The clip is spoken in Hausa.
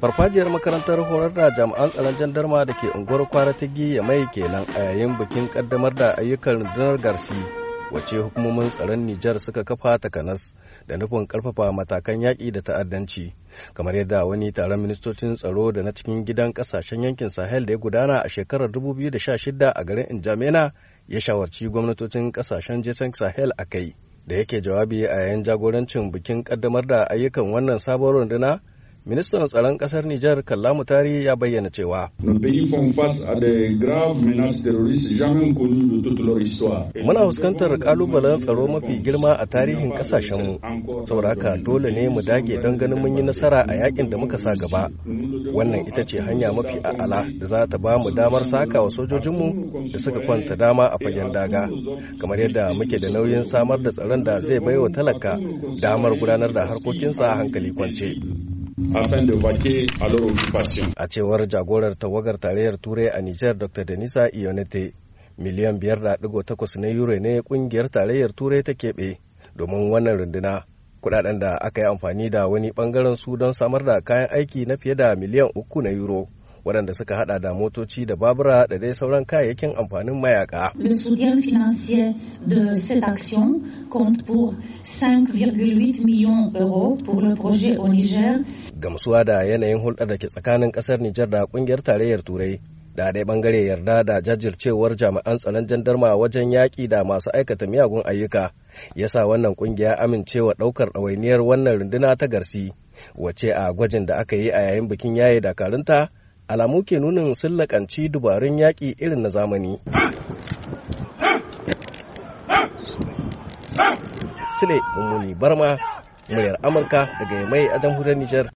farfajiyar makarantar horar da jami'an tsaron jandarma da ke unguwar kwara ta giya mai kenan a yayin bikin kaddamar da ayyukan rundunar garsi wace hukumomin tsaron nijar suka kafa takanas da nufin karfafa matakan yaƙi da ta'addanci kamar yadda wani taron ministocin tsaro da na cikin gidan kasashen yankin sahel da ya gudana a shekarar 2016 a garin injamena ya shawarci gwamnatocin kasashen jason sahel a kai da yake jawabi a yayin jagorancin bikin kaddamar da ayyukan wannan sabon runduna Ministan tsaron ƙasar Nijar Kallamu Tari ya bayyana cewa. Muna fuskantar ƙalubalen tsaro mafi girma a tarihin ƙasashenmu, saboda haka dole ne mu dage don ganin mun yi nasara a yakin da muka sa gaba. Wannan ita ce hanya mafi a'ala da za ta ba mu damar saka wa sojojinmu da suka kwanta dama a fagen daga, kamar yadda muke da nauyin samar da tsaron da zai baiwa talaka damar gudanar da harkokinsa a hankali kwance. afin A cewar jagorar tawagar tarayyar Turai a Nijar Dr. Denisa Ionete, miliyan biyar da takwas na euro ne kungiyar tarayyar Turai ta keɓe domin wannan runduna. kuɗaɗen da aka yi amfani da wani bangaren su don samar da kayan aiki na fiye da miliyan uku na euro. waɗanda suka hada da motoci da babura da dai sauran kayayyakin amfanin mayaka. Le soutien financier de cette action compte pour 5,8 millions d'euros pour le projet au Niger. Gamsuwa da yanayin hulɗar da ke tsakanin ƙasar Nijar da ƙungiyar tarayyar Turai da dai bangare yarda da jajircewar jami'an tsaron jandarma wajen yaƙi da masu aikata miyagun ayyuka ya sa wannan ƙungiya amincewa ɗaukar ɗawainiyar wannan runduna ta garsi wace a gwajin da aka yi a yayin bikin yaye dakarunta alamu ke nunin sun lakanci dubarun yaƙi irin na zamani. Sule Mummuni Barma, muryar Amurka daga Yamai a jamhuriyar Nijar.